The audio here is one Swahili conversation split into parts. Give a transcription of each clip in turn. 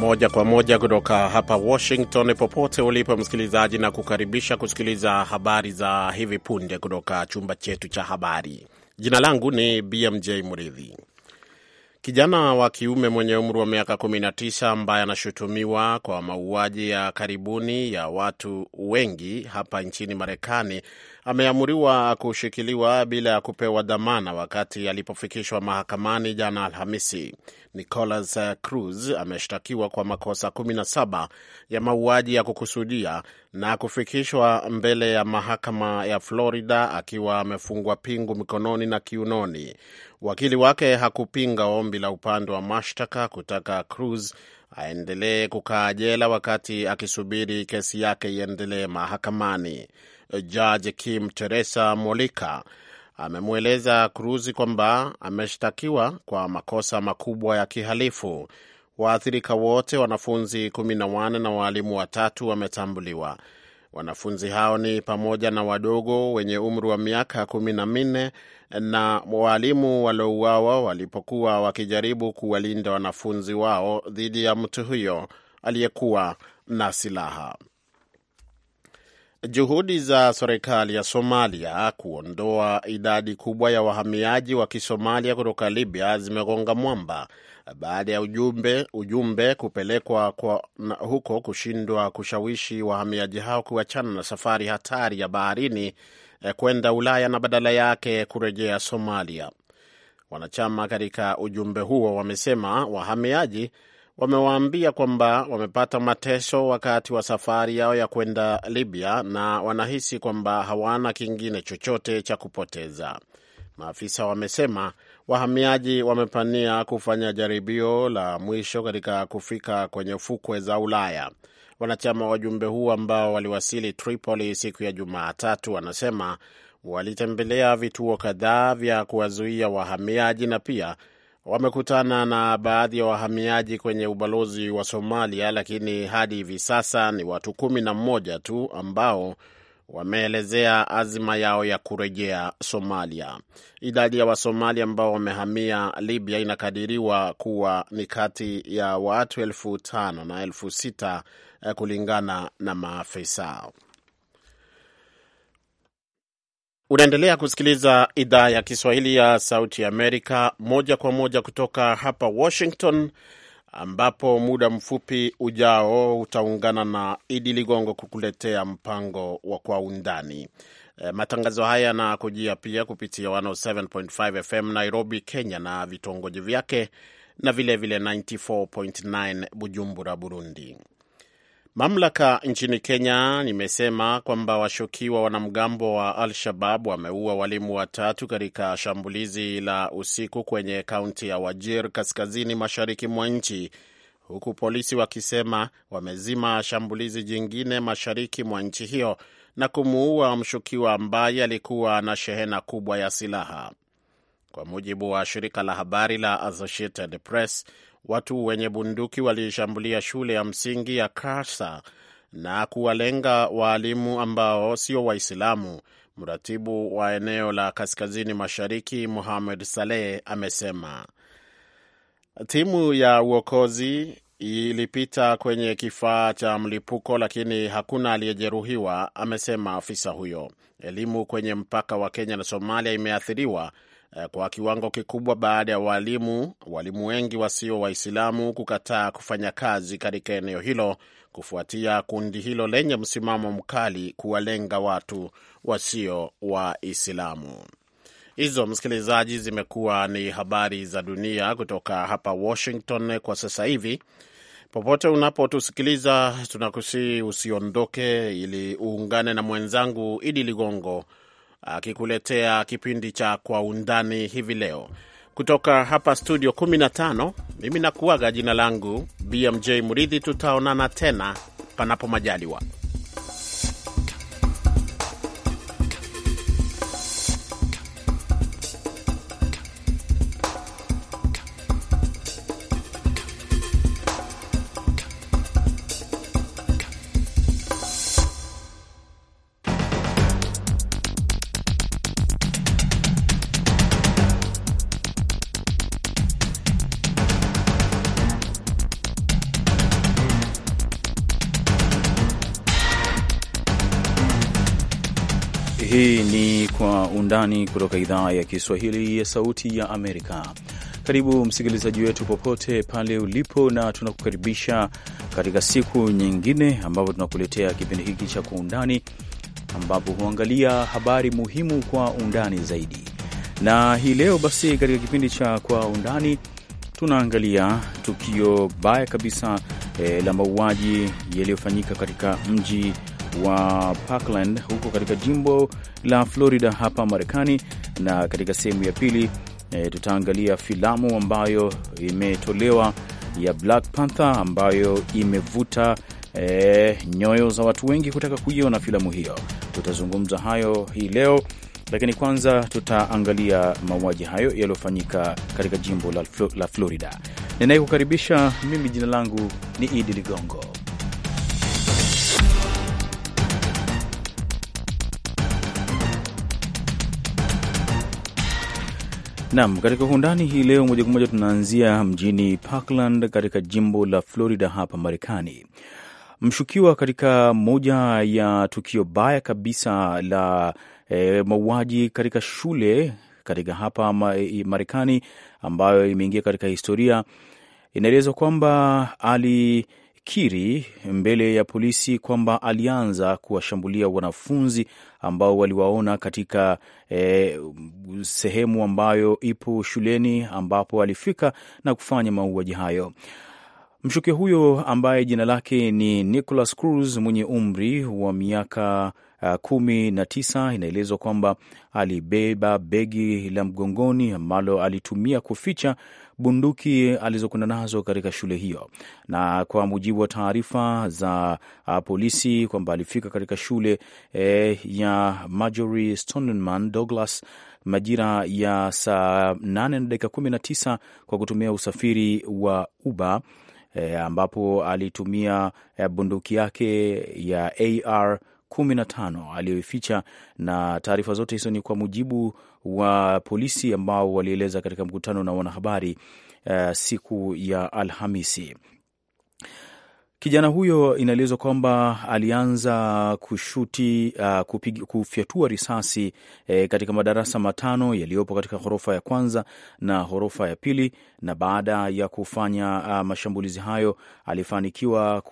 moja kwa moja kutoka hapa Washington, popote ulipo msikilizaji, na kukaribisha kusikiliza habari za hivi punde kutoka chumba chetu cha habari. Jina langu ni BMJ Mridhi. Kijana wa kiume mwenye umri wa miaka 19 ambaye anashutumiwa kwa mauaji ya karibuni ya watu wengi hapa nchini Marekani ameamuriwa kushikiliwa bila ya kupewa dhamana wakati alipofikishwa mahakamani jana Alhamisi. Nicolas eh, Cruz ameshtakiwa kwa makosa 17 ya mauaji ya kukusudia na kufikishwa mbele ya mahakama ya Florida akiwa amefungwa pingu mikononi na kiunoni. Wakili wake hakupinga ombi la upande wa mashtaka kutaka Cruz aendelee kukaa jela wakati akisubiri kesi yake iendelee mahakamani. Jaji Kim Teresa Molika amemweleza Kruzi kwamba ameshtakiwa kwa makosa makubwa ya kihalifu. Waathirika wote wanafunzi kumi na wane na waalimu watatu wametambuliwa. Wanafunzi hao ni pamoja na wadogo wenye umri wa miaka kumi na minne na walimu waliouawa walipokuwa wakijaribu kuwalinda wanafunzi wao dhidi ya mtu huyo aliyekuwa na silaha. Juhudi za serikali ya Somalia kuondoa idadi kubwa ya wahamiaji wa Kisomalia kutoka Libya zimegonga mwamba baada ya ujumbe, ujumbe kupelekwa kwa huko kushindwa kushawishi wahamiaji hao kuachana na safari hatari ya baharini Eh, kwenda Ulaya na badala yake kurejea Somalia. Wanachama katika ujumbe huo wamesema wahamiaji wamewaambia kwamba wamepata mateso wakati wa safari yao ya kwenda Libya na wanahisi kwamba hawana kingine chochote cha kupoteza. Maafisa wamesema wahamiaji wamepania kufanya jaribio la mwisho katika kufika kwenye fukwe za Ulaya. Wanachama wa ujumbe huu ambao waliwasili Tripoli siku ya Jumatatu wanasema walitembelea vituo kadhaa vya kuwazuia wahamiaji na pia wamekutana na baadhi ya wahamiaji kwenye ubalozi wa Somalia, lakini hadi hivi sasa ni watu kumi na mmoja tu ambao wameelezea azima yao ya kurejea Somalia. Idadi ya Wasomali ambao wamehamia Libya inakadiriwa kuwa ni kati ya watu elfu tano na elfu sita Eh, kulingana na maafisa. Unaendelea kusikiliza idhaa ya Kiswahili ya Sauti Amerika moja kwa moja kutoka hapa Washington, ambapo muda mfupi ujao utaungana na Idi Ligongo kukuletea mpango wa Kwa Undani. E, matangazo haya yanakujia pia kupitia 107.5 FM Nairobi, Kenya na vitongoji vyake na vilevile 94.9 Bujumbura, Burundi. Mamlaka nchini Kenya imesema kwamba washukiwa wanamgambo wa Al-Shabab wameua walimu watatu katika shambulizi la usiku kwenye kaunti ya Wajir kaskazini mashariki mwa nchi, huku polisi wakisema wamezima shambulizi jingine mashariki mwa nchi hiyo na kumuua mshukiwa ambaye alikuwa na shehena kubwa ya silaha. Kwa mujibu wa shirika la habari la Associated Press, watu wenye bunduki walishambulia shule ya msingi ya Kasa na kuwalenga waalimu ambao sio Waislamu. Mratibu wa eneo la kaskazini mashariki muhamed Saleh amesema timu ya uokozi ilipita kwenye kifaa cha mlipuko lakini hakuna aliyejeruhiwa, amesema afisa huyo. Elimu kwenye mpaka wa Kenya na Somalia imeathiriwa Eh, kwa kiwango kikubwa baada ya walimu walimu wengi wasio Waislamu kukataa kufanya kazi katika eneo hilo kufuatia kundi hilo lenye msimamo mkali kuwalenga watu wasio Waislamu. Hizo msikilizaji, zimekuwa ni habari za dunia kutoka hapa Washington kwa sasa hivi. Popote unapotusikiliza, tunakusihi usiondoke, ili uungane na mwenzangu Idi Ligongo akikuletea kipindi cha Kwa Undani hivi leo kutoka hapa studio 15. Mimi nakuaga, jina langu BMJ Muridhi. Tutaonana tena panapo majaliwa. Undani kutoka idhaa ya Kiswahili ya Sauti ya Amerika. Karibu msikilizaji wetu popote pale ulipo, na tunakukaribisha katika siku nyingine ambapo tunakuletea kipindi hiki cha Kwa Undani, ambapo huangalia habari muhimu kwa undani zaidi. Na hii leo basi, katika kipindi cha Kwa Undani tunaangalia tukio baya kabisa eh, la mauaji yaliyofanyika katika mji wa Parkland huko katika jimbo la Florida hapa Marekani, na katika sehemu ya pili e, tutaangalia filamu ambayo imetolewa ya Black Panther ambayo imevuta e, nyoyo za watu wengi kutaka kuiona filamu hiyo. Tutazungumza hayo hii leo, lakini kwanza tutaangalia mauaji hayo yaliyofanyika katika jimbo la, la Florida. Ninayekukaribisha mimi, jina langu ni Idi Ligongo. Nam, katika undani hii leo, moja kwa moja tunaanzia mjini Parkland katika jimbo la Florida hapa Marekani. Mshukiwa katika moja ya tukio baya kabisa la e, mauaji katika shule katika hapa Marekani ambayo imeingia katika historia, inaelezwa kwamba ali kiri mbele ya polisi kwamba alianza kuwashambulia wanafunzi ambao waliwaona katika eh, sehemu ambayo ipo shuleni ambapo alifika na kufanya mauaji hayo. mshuke huyo ambaye jina lake ni Nicholas Cruz mwenye umri wa miaka Uh, kumi na tisa inaelezwa kwamba alibeba begi la mgongoni ambalo alitumia kuficha bunduki alizokwenda nazo katika shule hiyo, na kwa mujibu wa taarifa za uh, polisi kwamba alifika katika shule eh, ya Marjorie Stoneman Douglas majira ya saa nane na dakika kumi na tisa kwa kutumia usafiri wa Uber eh, ambapo alitumia eh, bunduki yake ya AR 15 aliyoificha, na taarifa zote hizo ni kwa mujibu wa polisi ambao walieleza katika mkutano na wanahabari uh, siku ya Alhamisi. Kijana huyo inaelezwa kwamba alianza kushuti uh, kufyatua risasi eh, katika madarasa matano yaliyopo katika ghorofa ya kwanza na ghorofa ya pili, na baada ya kufanya uh, mashambulizi hayo alifanikiwa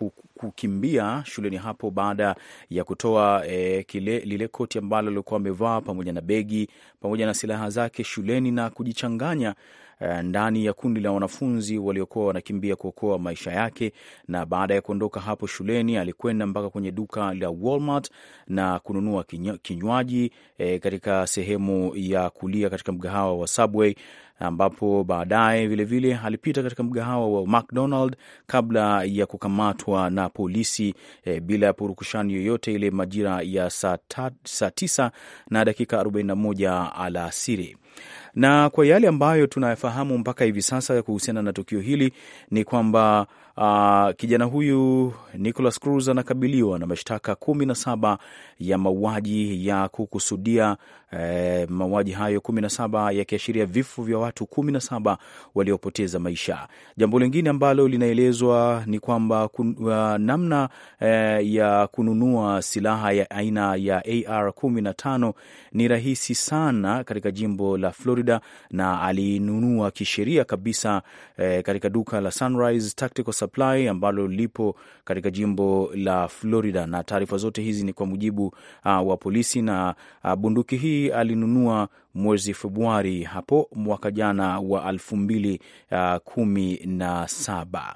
kukimbia shuleni hapo baada ya kutoa eh, kile, lile koti ambalo alikuwa amevaa pamoja na begi pamoja na silaha zake shuleni na kujichanganya Eh, ndani ya kundi la wanafunzi waliokuwa wanakimbia kuokoa maisha yake, na baada ya kuondoka hapo shuleni alikwenda mpaka kwenye duka la Walmart na kununua kinywaji e, katika sehemu ya kulia katika mgahawa wa Subway ambapo baadaye vilevile alipita katika mgahawa wa McDonald kabla ya kukamatwa na polisi e, bila ya purukushani yoyote ile majira ya saa saa tisa na dakika 41 alasiri na kwa yale ambayo tunayafahamu mpaka hivi sasa kuhusiana na tukio hili ni kwamba Uh, kijana huyu Nicholas Cruz anakabiliwa na mashtaka kumi na saba ya mauaji ya kukusudia eh, mauaji hayo kumi na saba yakiashiria vifo vya watu kumi na saba waliopoteza maisha. Jambo lingine ambalo linaelezwa ni kwamba kun, uh, namna eh, ya kununua silaha ya aina ya AR 15 ni rahisi sana katika jimbo la Florida na alinunua kisheria kabisa eh, katika duka la Sunrise Tactical Supply ambalo lipo katika jimbo la Florida, na taarifa zote hizi ni kwa mujibu uh, wa polisi, na uh, bunduki hii alinunua mwezi Februari hapo mwaka jana wa elfu mbili uh, kumi na saba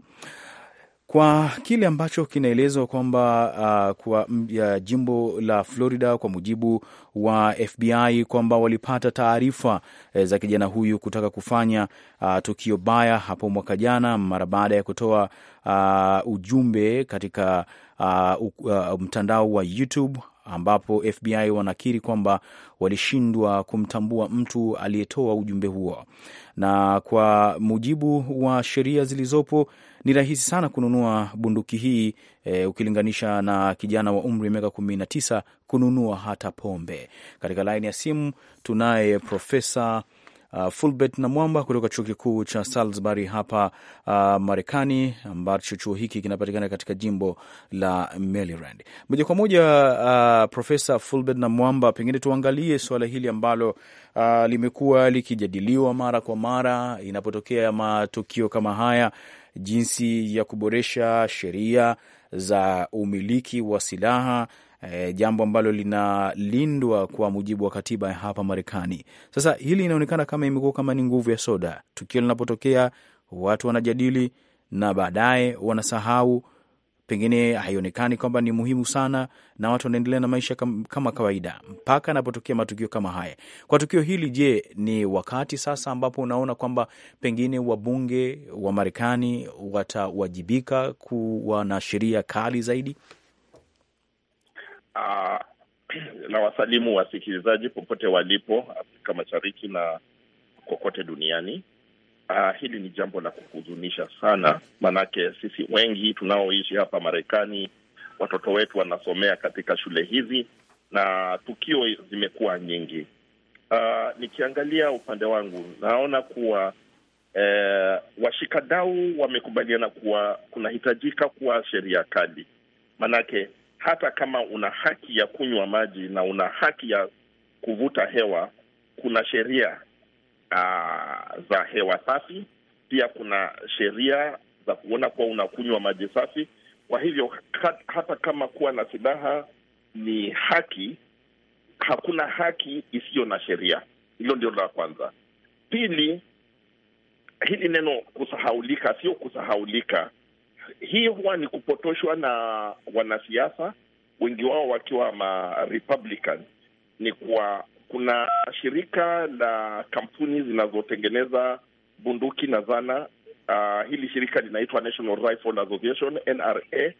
kwa kile ambacho kinaelezwa kwamba uh, kwa ya jimbo la Florida kwa mujibu wa FBI kwamba walipata taarifa eh, za kijana huyu kutaka kufanya uh, tukio baya hapo mwaka jana mara baada ya kutoa uh, ujumbe katika uh, uh, mtandao wa YouTube ambapo FBI wanakiri kwamba walishindwa kumtambua mtu aliyetoa ujumbe huo, na kwa mujibu wa sheria zilizopo ni rahisi sana kununua bunduki hii e, ukilinganisha na kijana wa umri wa miaka kumi na tisa kununua hata pombe. Katika laini ya simu tunaye Profesa uh, Fulbert na Mwamba kutoka chuo kikuu cha Salisbury hapa uh, Marekani, ambacho chuo hiki kinapatikana katika jimbo la Maryland. Moja kwa moja, uh, Profesa Fulbert na Mwamba, pengine tuangalie suala hili ambalo uh, limekuwa likijadiliwa mara kwa mara inapotokea matukio kama haya, jinsi ya kuboresha sheria za umiliki wa silaha e, jambo ambalo linalindwa kwa mujibu wa katiba ya hapa Marekani. Sasa hili inaonekana kama imekuwa kama ni nguvu ya soda. Tukio linapotokea watu wanajadili na baadaye wanasahau, pengine haionekani kwamba ni muhimu sana, na watu wanaendelea na maisha kama kawaida mpaka anapotokea matukio kama haya. Kwa tukio hili, je, ni wakati sasa ambapo unaona kwamba pengine wabunge wa Marekani watawajibika kuwa na sheria kali zaidi? Ah, na wasalimu wasikilizaji popote walipo Afrika Mashariki na kokote duniani. Uh, hili ni jambo la kuhuzunisha sana, maanake sisi wengi tunaoishi hapa Marekani, watoto wetu wanasomea katika shule hizi na tukio zimekuwa nyingi. Uh, nikiangalia upande wangu naona kuwa eh, washikadau wamekubaliana kuwa kunahitajika kuwa sheria kali, maanake hata kama una haki ya kunywa maji na una haki ya kuvuta hewa, kuna sheria uh, za hewa safi. Pia kuna sheria za kuona kuwa unakunywa maji safi. Kwa hivyo hata kama kuwa na silaha ni haki, hakuna haki isiyo na sheria. Hilo ndio la kwanza. Pili, hili neno kusahaulika, sio kusahaulika hii huwa ni kupotoshwa na wanasiasa wengi wao wakiwa ma Republican. Ni kwa kuna shirika la kampuni zinazotengeneza bunduki na zana uh, hili shirika linaitwa National Rifle Association NRA.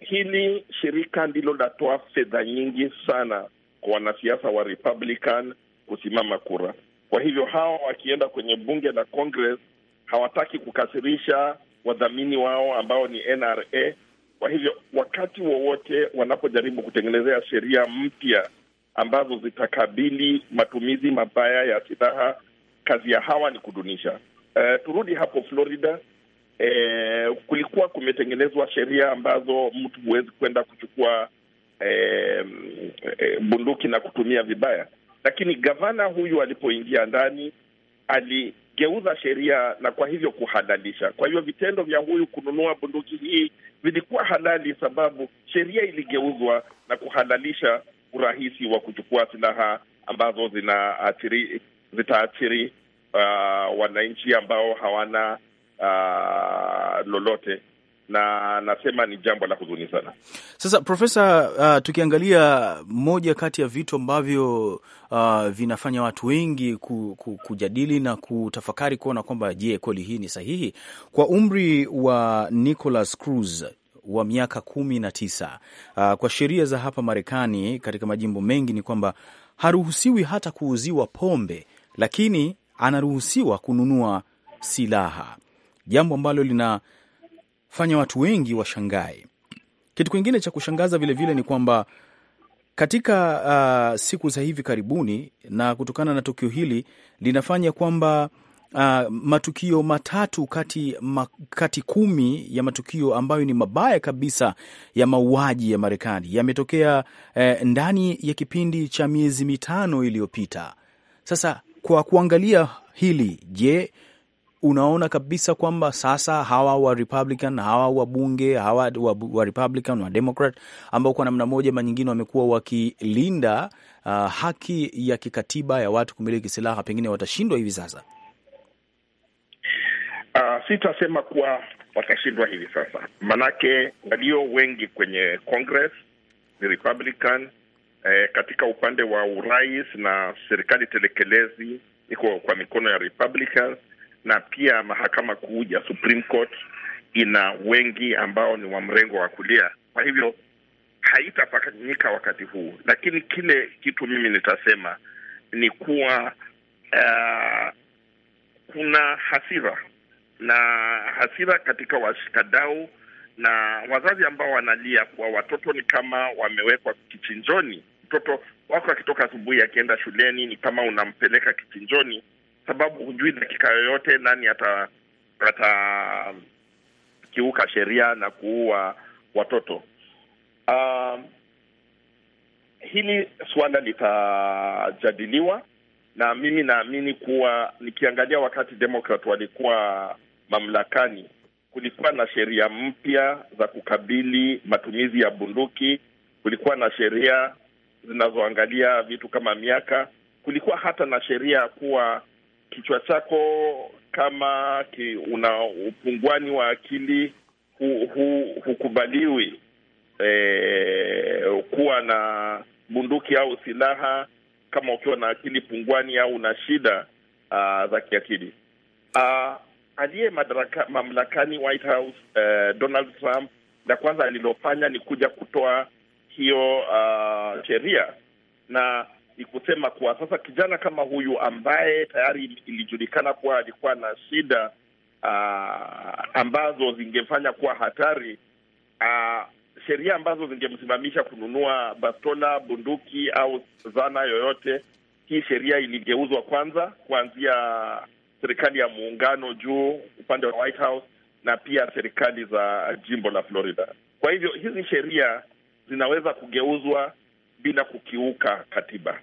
Hili shirika ndilo latoa fedha nyingi sana kwa wanasiasa wa Republican kusimama kura. Kwa hivyo hawa wakienda kwenye bunge la Congress hawataki kukasirisha wadhamini wao ambao ni NRA. Kwa hivyo wakati wowote wa wanapojaribu kutengenezea sheria mpya ambazo zitakabili matumizi mabaya ya silaha, kazi ya hawa ni kudunisha. Uh, turudi hapo Florida. Uh, kulikuwa kumetengenezwa sheria ambazo mtu huwezi kwenda kuchukua uh, bunduki na kutumia vibaya, lakini gavana huyu alipoingia ndani ali kugeuza sheria na kwa hivyo kuhalalisha. Kwa hivyo vitendo vya huyu kununua bunduki hii vilikuwa halali, sababu sheria iligeuzwa na kuhalalisha urahisi wa kuchukua silaha ambazo zinaathiri zitaathiri uh, wananchi ambao hawana uh, lolote na nasema ni jambo la huzuni sana. Sasa Profesa, uh, tukiangalia moja kati ya vitu ambavyo uh, vinafanya watu wengi ku, ku, kujadili na kutafakari kuona kwamba je, kweli hii ni sahihi kwa umri wa nicolas Cruz wa miaka kumi na tisa. Uh, kwa sheria za hapa Marekani katika majimbo mengi ni kwamba haruhusiwi hata kuuziwa pombe, lakini anaruhusiwa kununua silaha, jambo ambalo lina fanya watu wengi washangae. Kitu kingine cha kushangaza vilevile ni kwamba katika uh, siku za hivi karibuni na kutokana na tukio hili linafanya kwamba uh, matukio matatu kati, ma, kati kumi ya matukio ambayo ni mabaya kabisa ya mauaji ya Marekani yametokea eh, ndani ya kipindi cha miezi mitano iliyopita. Sasa kwa kuangalia hili, je, unaona kabisa kwamba sasa hawa wa Republican, hawa wabunge hawa wa, wa Republican wa Democrat ambao kwa namna moja ama nyingine wamekuwa wakilinda uh, haki ya kikatiba ya watu kumiliki silaha pengine watashindwa hivi sasa. Uh, sitasema kuwa watashindwa hivi sasa, manake walio wengi kwenye Congress ni Republican. Eh, katika upande wa urais na serikali telekelezi iko kwa mikono ya Republicans na pia mahakama kuu ya Supreme Court ina wengi ambao ni wa mrengo wa kulia, kwa hivyo haitafanyika wakati huu. Lakini kile kitu mimi nitasema ni kuwa uh, kuna hasira na hasira katika washikadau na wazazi ambao wanalia kuwa watoto ni kama wamewekwa kichinjoni. Mtoto wako akitoka asubuhi akienda shuleni, ni kama unampeleka kichinjoni sababu hujui dakika yoyote nani atakiuka ata um, sheria na kuua watoto. Uh, hili suala litajadiliwa na mimi naamini kuwa nikiangalia wakati Demokrat walikuwa mamlakani, kulikuwa na sheria mpya za kukabili matumizi ya bunduki, kulikuwa na sheria zinazoangalia vitu kama miaka, kulikuwa hata na sheria kuwa kichwa chako kama ki, una upungwani wa akili hu, hu, hukubaliwi e, kuwa na bunduki au silaha kama ukiwa na akili pungwani au una shida uh, za kiakili uh, aliye mamlakani White House uh, Donald Trump, la kwanza alilofanya ni kuja kutoa hiyo uh, sheria na ni kusema kuwa sasa kijana kama huyu ambaye tayari ilijulikana kuwa alikuwa na shida uh, ambazo zingefanya kuwa hatari uh, sheria ambazo zingemsimamisha kununua bastola, bunduki au zana yoyote, hii sheria iligeuzwa kwanza, kuanzia serikali ya muungano juu upande wa White House na pia serikali za jimbo la Florida. Kwa hivyo hizi sheria zinaweza kugeuzwa bila kukiuka katiba.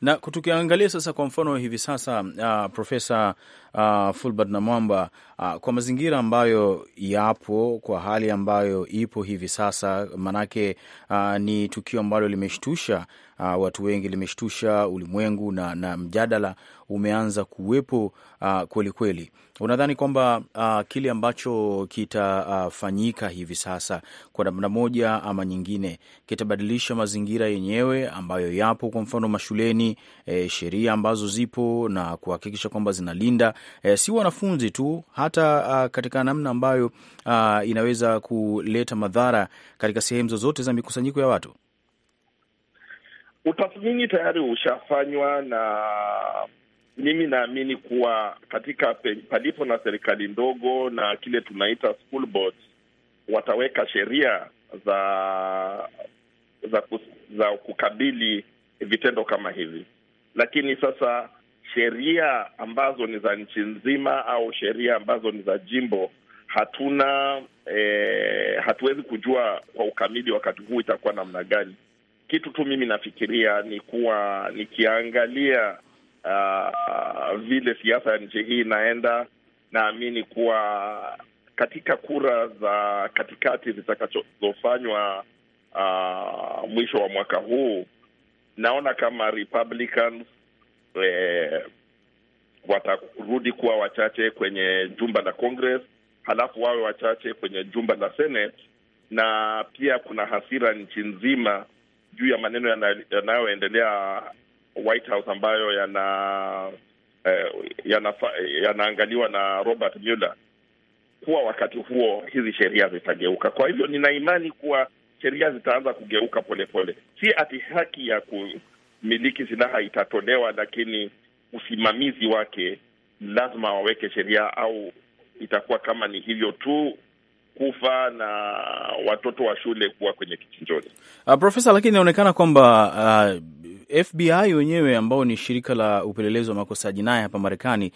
Na tukiangalia sasa kwa mfano hivi sasa uh, Profesa uh, Fulbert Namwamba uh, kwa mazingira ambayo yapo, kwa hali ambayo ipo hivi sasa, manake uh, ni tukio ambalo limeshtusha uh, watu wengi, limeshtusha ulimwengu na, na mjadala umeanza kuwepo kwelikweli. Ah, uh, kweli. Unadhani kwamba uh, kile ambacho kitafanyika uh, hivi sasa kwa namna moja ama nyingine kitabadilisha mazingira yenyewe ambayo yapo, kwa mfano mashuleni, eh, sheria ambazo zipo na kuhakikisha kwamba zinalinda eh, si wanafunzi tu, hata uh, katika namna ambayo uh, inaweza kuleta madhara katika sehemu zozote za mikusanyiko ya watu. Utathmini tayari ushafanywa na mimi naamini kuwa katika palipo na serikali ndogo na kile tunaita school boards, wataweka sheria za za, za kukabili vitendo kama hivi. Lakini sasa sheria ambazo ni za nchi nzima au sheria ambazo ni za jimbo hatuna eh, hatuwezi kujua kwa ukamili wakati huu itakuwa namna gani kitu tu mimi nafikiria ni kuwa nikiangalia uh, vile siasa ya nchi hii inaenda, naamini kuwa katika kura za katikati zitakazofanywa uh, mwisho wa mwaka huu, naona kama Republicans eh, watarudi kuwa wachache kwenye jumba la Congress, halafu wawe wachache kwenye jumba la Senate, na pia kuna hasira nchi nzima juu ya maneno yanayoendelea White House ambayo yana eh, yanaangaliwa yana na Robert Mueller kuwa wakati huo hizi sheria zitageuka. Kwa hivyo nina imani kuwa sheria zitaanza kugeuka polepole pole. Si ati haki ya kumiliki silaha itatolewa, lakini usimamizi wake lazima waweke sheria, au itakuwa kama ni hivyo tu kufa na watoto wa shule kuwa kwenye kichinjoni. Uh, profesa, lakini inaonekana kwamba uh, ah, FBI wenyewe ambao ni shirika la upelelezi wa makosa ya jinai hapa Marekani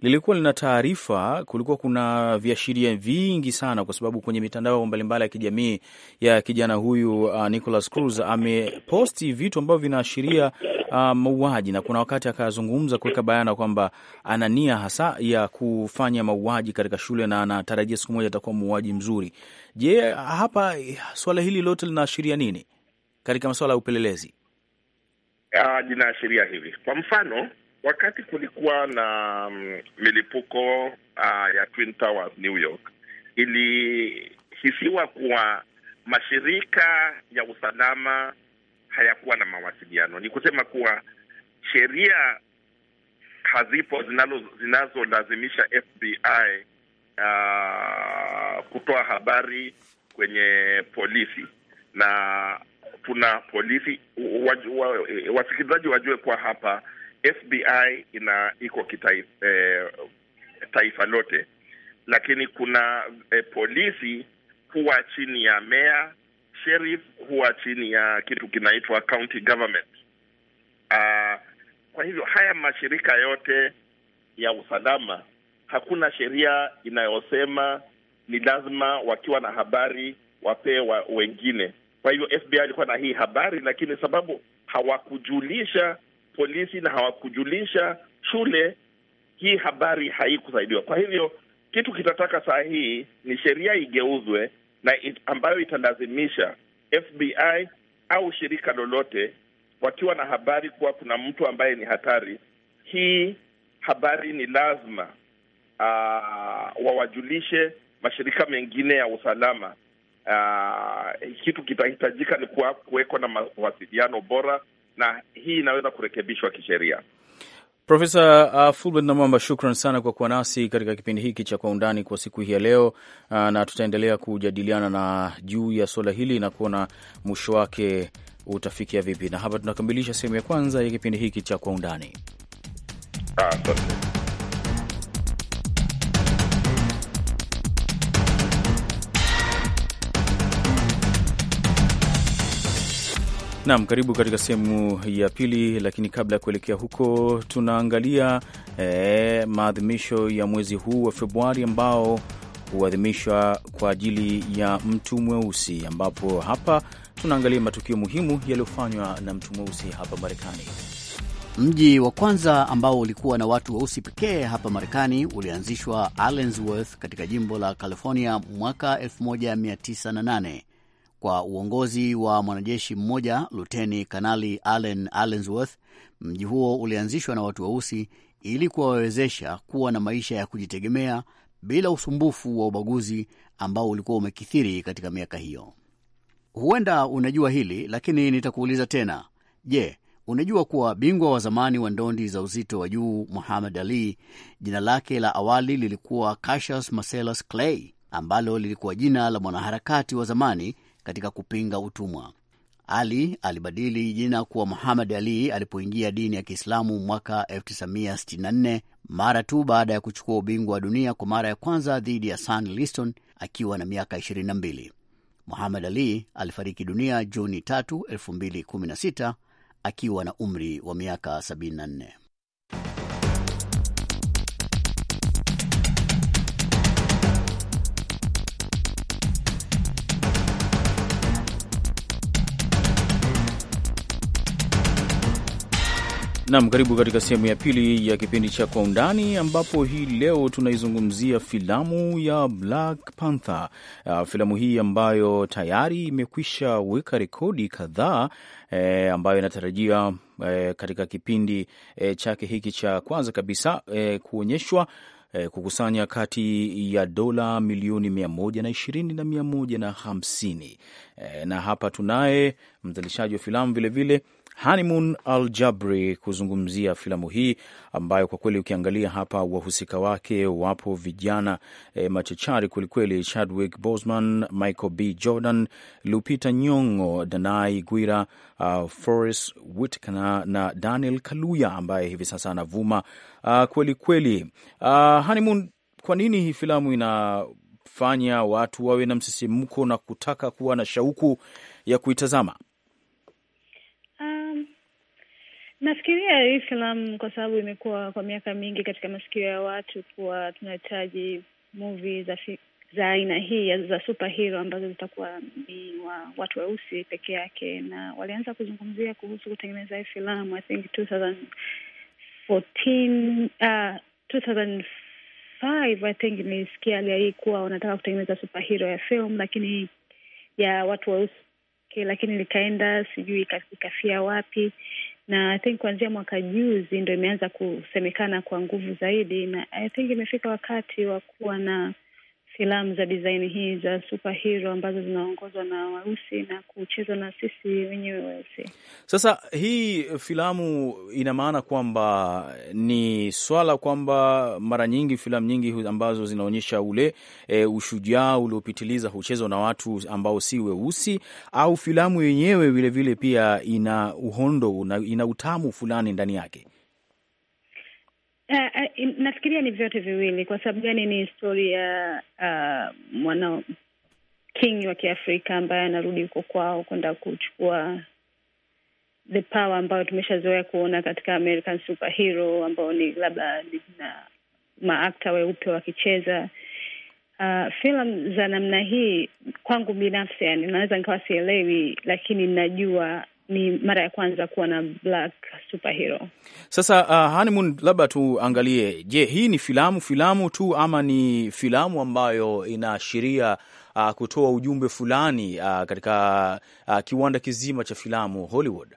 lilikuwa lina taarifa, kulikuwa kuna viashiria vingi sana, kwa sababu kwenye mitandao mbalimbali ya kijamii ya kijana huyu uh, Nicholas Cruz ameposti vitu ambavyo vinaashiria uh, mauaji, na kuna wakati akazungumza kuweka bayana kwamba ana nia hasa ya kufanya mauaji katika shule na anatarajia siku moja atakuwa muuaji mzuri. Je, hapa swala hili lote linaashiria nini katika masuala ya upelelezi? Uh, linaashiria hivi, kwa mfano wakati kulikuwa na mm, milipuko uh, ya Twin Towers New York, ilihisiwa kuwa mashirika ya usalama hayakuwa na mawasiliano. Ni kusema kuwa sheria hazipo zinazolazimisha FBI uh, kutoa habari kwenye polisi na tuna polisi wasikilizaji wajue kuwa hapa FBI ina iko kitaifa eh, taifa lote, lakini kuna eh, polisi huwa chini ya meya sheriff huwa chini ya kitu kinaitwa county government. Uh, kwa hivyo haya mashirika yote ya usalama, hakuna sheria inayosema ni lazima wakiwa na habari wa wengine. Kwa hivyo FBI alikuwa na hii habari, lakini sababu hawakujulisha polisi na hawakujulisha shule, hii habari haikusaidiwa. Kwa hivyo kitu kitataka saa hii ni sheria igeuzwe na it, ambayo italazimisha FBI au shirika lolote wakiwa na habari kuwa kuna mtu ambaye ni hatari, hii habari ni lazima uh, wawajulishe mashirika mengine ya usalama. Uh, kitu kitahitajika ni kuwa kuwekwa na mawasiliano bora, na hii inaweza kurekebishwa kisheria. Profesa uh, Fulbert Namwamba, shukran sana kwa kuwa nasi katika kipindi hiki cha Kwa Undani kwa siku hii ya leo. Uh, na tutaendelea kujadiliana na juu ya suala hili na kuona mwisho wake utafikia vipi, na hapa tunakamilisha sehemu ya kwanza ya kipindi hiki cha Kwa Undani. Asante. Naam, karibu katika sehemu ya pili, lakini kabla ya kuelekea huko tunaangalia eh, maadhimisho ya mwezi huu wa Februari ambao huadhimishwa kwa ajili ya mtu mweusi, ambapo hapa tunaangalia matukio muhimu yaliyofanywa na mtu mweusi hapa Marekani. Mji wa kwanza ambao ulikuwa na watu weusi pekee hapa Marekani ulianzishwa Allensworth katika jimbo la California mwaka 1908 kwa uongozi wa mwanajeshi mmoja Luteni Kanali Allen Allensworth. Mji huo ulianzishwa na watu weusi ili kuwawezesha kuwa na maisha ya kujitegemea bila usumbufu wa ubaguzi ambao ulikuwa umekithiri katika miaka hiyo. Huenda unajua hili lakini nitakuuliza tena. Je, unajua kuwa bingwa wa zamani wa ndondi za uzito wa juu Muhammad Ali jina lake la awali lilikuwa Cassius Marcellus Clay, ambalo lilikuwa jina la mwanaharakati wa zamani katika kupinga utumwa. Ali alibadili jina kuwa Muhammad Ali alipoingia dini ya Kiislamu mwaka 1964 mara tu baada ya kuchukua ubingwa wa dunia kwa mara ya kwanza dhidi ya san Liston akiwa na miaka 22. Muhammad Ali alifariki dunia Juni 3, 2016 akiwa na umri wa miaka 74. Nam, karibu katika sehemu ya pili ya kipindi cha Kwa Undani, ambapo hii leo tunaizungumzia filamu ya Black Panther. Uh, filamu hii ambayo tayari imekwisha weka rekodi kadhaa eh, ambayo inatarajia eh, katika kipindi eh, chake hiki cha kwanza kabisa eh, kuonyeshwa eh, kukusanya kati ya dola milioni mia moja na ishirini na mia moja na hamsini eh, na hapa tunaye mzalishaji wa filamu vilevile Hanimun Al Jabri kuzungumzia filamu hii ambayo kwa kweli ukiangalia hapa wahusika wake wapo vijana e, machachari kwelikweli: Chadwick Boseman, Michael B Jordan, Lupita Nyong'o, Danai Gwira, uh, Forest Whitaker na Daniel kaluya ambaye hivi sasa anavuma uh, kwelikweli. Uh, Hanimun, kwa nini hii filamu inafanya watu wawe na msisimko na kutaka kuwa na shauku ya kuitazama? Nafikiria hii filamu kwa sababu imekuwa kwa miaka mingi katika masikio ya watu kuwa tunahitaji movie za fi, za aina hii za superhero ambazo zitakuwa ni wa watu weusi peke yake, na walianza kuzungumzia kuhusu kutengeneza hii filamu I think 2014 uh, 2005 I think nilisikia hali hii kuwa wanataka kutengeneza superhero ya film lakini ya watu weusi, lakini likaenda sijui ikafia wapi na I think kuanzia mwaka juzi ndo imeanza kusemekana kwa nguvu zaidi, na I think imefika wakati wa kuwa na filamu za design hii za superhero ambazo zinaongozwa na weusi na kuchezwa na sisi wenyewe weusi. Sasa hii filamu ina maana kwamba ni swala kwamba mara nyingi filamu nyingi ambazo zinaonyesha ule e, ushujaa uliopitiliza huchezwa na watu ambao si weusi, au filamu yenyewe vilevile pia ina uhondo na ina utamu fulani ndani yake. Uh, nafikiria ni vyote viwili. Kwa sababu gani? Ni historia ya uh, mwana king wa Kiafrika ambaye anarudi huko kwao kwenda kuchukua the power ambayo tumeshazoea kuona katika American superhero ambao ni labda na maakta weupe wakicheza uh, filamu za namna hii. Kwangu binafsi, yani, naweza nikawa sielewi, lakini najua ni mara ya kwanza kuwa na black superhero. Sasa uh, honeymoon, labda tuangalie, je, hii ni filamu filamu tu ama ni filamu ambayo inaashiria uh, kutoa ujumbe fulani uh, katika uh, kiwanda kizima cha filamu Hollywood?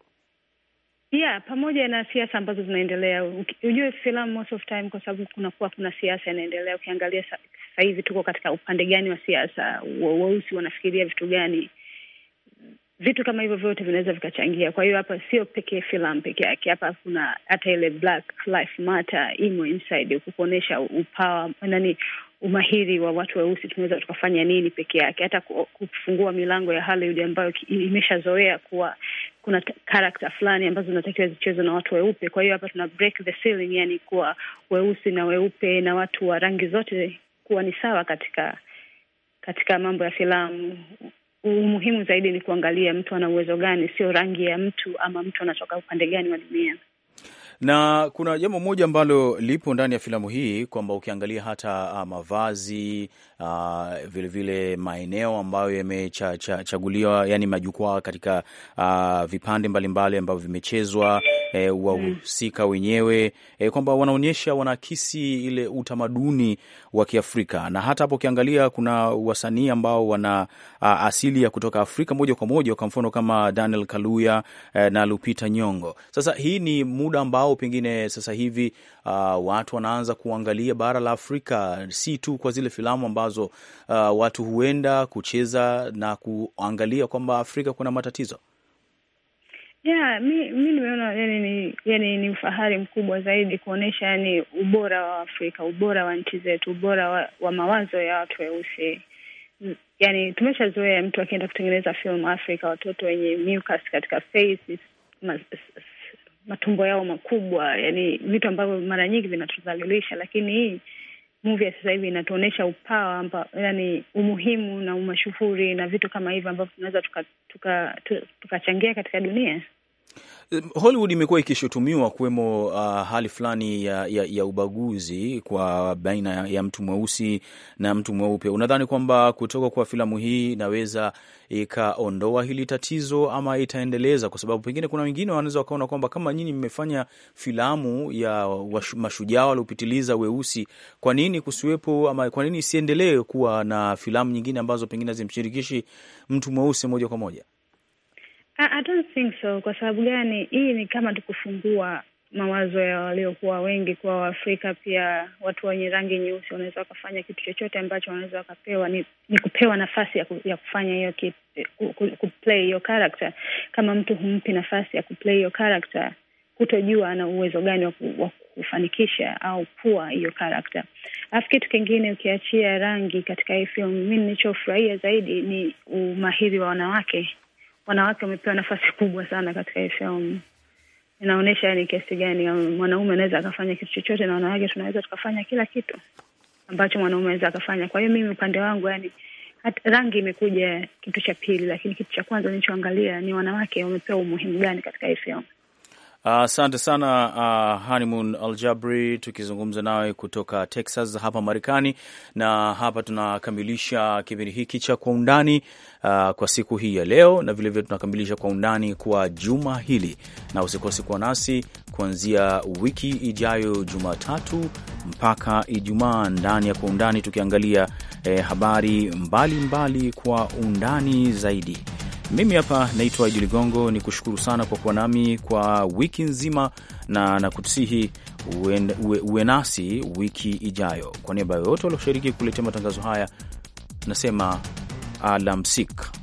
Yeah, pamoja na siasa ambazo zinaendelea. Ujue filamu most of time, kwa sababu kunakuwa kuna siasa inaendelea. Ukiangalia sasa hivi tuko katika upande gani wa siasa, weusi wanafikiria vitu gani vitu kama hivyo vyote vinaweza vikachangia. Kwa hiyo hapa sio pekee filamu peke yake, hapa kuna hata ile Black Life Matter imo inside kukuonyesha upawa nani umahiri wa watu weusi, tunaweza tukafanya nini peke yake, hata kufungua milango ya Hollywood ambayo imeshazoea kuwa kuna karakta fulani ambazo zinatakiwa zichezwe na watu weupe. Kwa hiyo hapa tuna break the ceiling, yani kuwa weusi na weupe na watu wa rangi zote kuwa ni sawa katika katika mambo ya filamu umuhimu zaidi ni kuangalia mtu ana uwezo gani, sio rangi ya mtu ama mtu anatoka upande gani wa dunia. Na kuna jambo moja ambalo lipo ndani ya filamu hii kwamba ukiangalia hata ah, mavazi vilevile, ah, maeneo ambayo yamechaguliwa, yani majukwaa katika uh, vipande mbalimbali ambavyo vimechezwa e, eh, wahusika mm. wenyewe e, kwamba wanaonyesha wanaakisi ile utamaduni wa Kiafrika, na hata hapo ukiangalia kuna wasanii ambao wana a, asili ya kutoka Afrika moja kwa moja, kwa mfano kama Daniel kaluya e, eh, na Lupita Nyong'o. Sasa hii ni muda ambao pengine sasa hivi a, watu wanaanza kuangalia bara la Afrika si tu kwa zile filamu ambazo a, watu huenda kucheza na kuangalia kwamba Afrika kuna matatizo Yeah, mi, mi nimeona yani ni, yani ni ufahari mkubwa zaidi kuonyesha yani ubora wa Afrika, ubora wa nchi zetu, ubora wa, wa mawazo ya watu weusi. Yani tumeshazoea mtu akienda kutengeneza filmu Afrika, watoto wenye mucus katika face, matumbo yao makubwa, yani vitu ambavyo mara nyingi vinatudhalilisha, lakini hii muvi ya sasa hivi inatuonyesha upawa amba, yani umuhimu na umashuhuri na vitu kama hivyo ambavyo tunaweza tukachangia tuka, tuka, tuka katika dunia. Eh, Hollywood imekuwa ikishutumiwa kuwemo uh, hali fulani ya, ya, ya ubaguzi kwa baina ya mtu mweusi na mtu mweupe. Unadhani kwamba kutoka kwa filamu hii inaweza ikaondoa hili tatizo ama itaendeleza? Kwa sababu pengine kuna wengine wanaweza wakaona kwamba kama nyinyi mmefanya filamu ya mashujaa waliopitiliza weusi, kwa nini kusiwepo ama kwa nini isiendelee kuwa na filamu nyingine ambazo pengine zimshirikishi mtu mweusi moja kwa moja? Ah, I don't think so. Kwa sababu gani? Hii ni kama tukufungua mawazo ya waliokuwa wengi kwa Waafrika, pia watu wenye rangi nyeusi wanaweza wakafanya kitu chochote ambacho wanaweza wakapewa, ni, ni kupewa nafasi ya, ku, ya kufanya hiyo kuplay hiyo character. Kama mtu humpi nafasi ya kuplay hiyo character, kutojua ana uwezo gani wa kufanikisha au kuwa hiyo character. Alafu kitu kingine, ukiachia rangi katika hii filamu, mi nilichofurahia zaidi ni umahiri wa wanawake wanawake wamepewa nafasi kubwa sana katika hii filamu. Inaonyesha yani kiasi gani um, mwanaume anaweza akafanya kitu chochote na wanawake tunaweza tukafanya kila kitu ambacho mwanaume anaweza akafanya. Kwa hiyo mimi upande wangu yani hata rangi imekuja kitu cha pili, lakini kitu cha kwanza nilichoangalia ni wanawake wamepewa umuhimu gani katika hii filamu. Asante uh, sana uh, Hanimun Aljabri tukizungumza nawe kutoka Texas hapa Marekani. Na hapa tunakamilisha kipindi hiki cha Kwa Undani uh, kwa siku hii ya leo, na vilevile tunakamilisha Kwa Undani kwa juma hili, na usikose kuwa nasi kuanzia wiki ijayo Jumatatu mpaka Ijumaa ndani ya Kwa Undani tukiangalia eh, habari mbalimbali mbali kwa undani zaidi. Mimi hapa naitwa Idi Ligongo, ni kushukuru sana kwa kuwa nami kwa wiki nzima, na nakusihi uwe nasi wiki ijayo. Kwa niaba ya yote walioshiriki kuletea matangazo haya, nasema alamsik.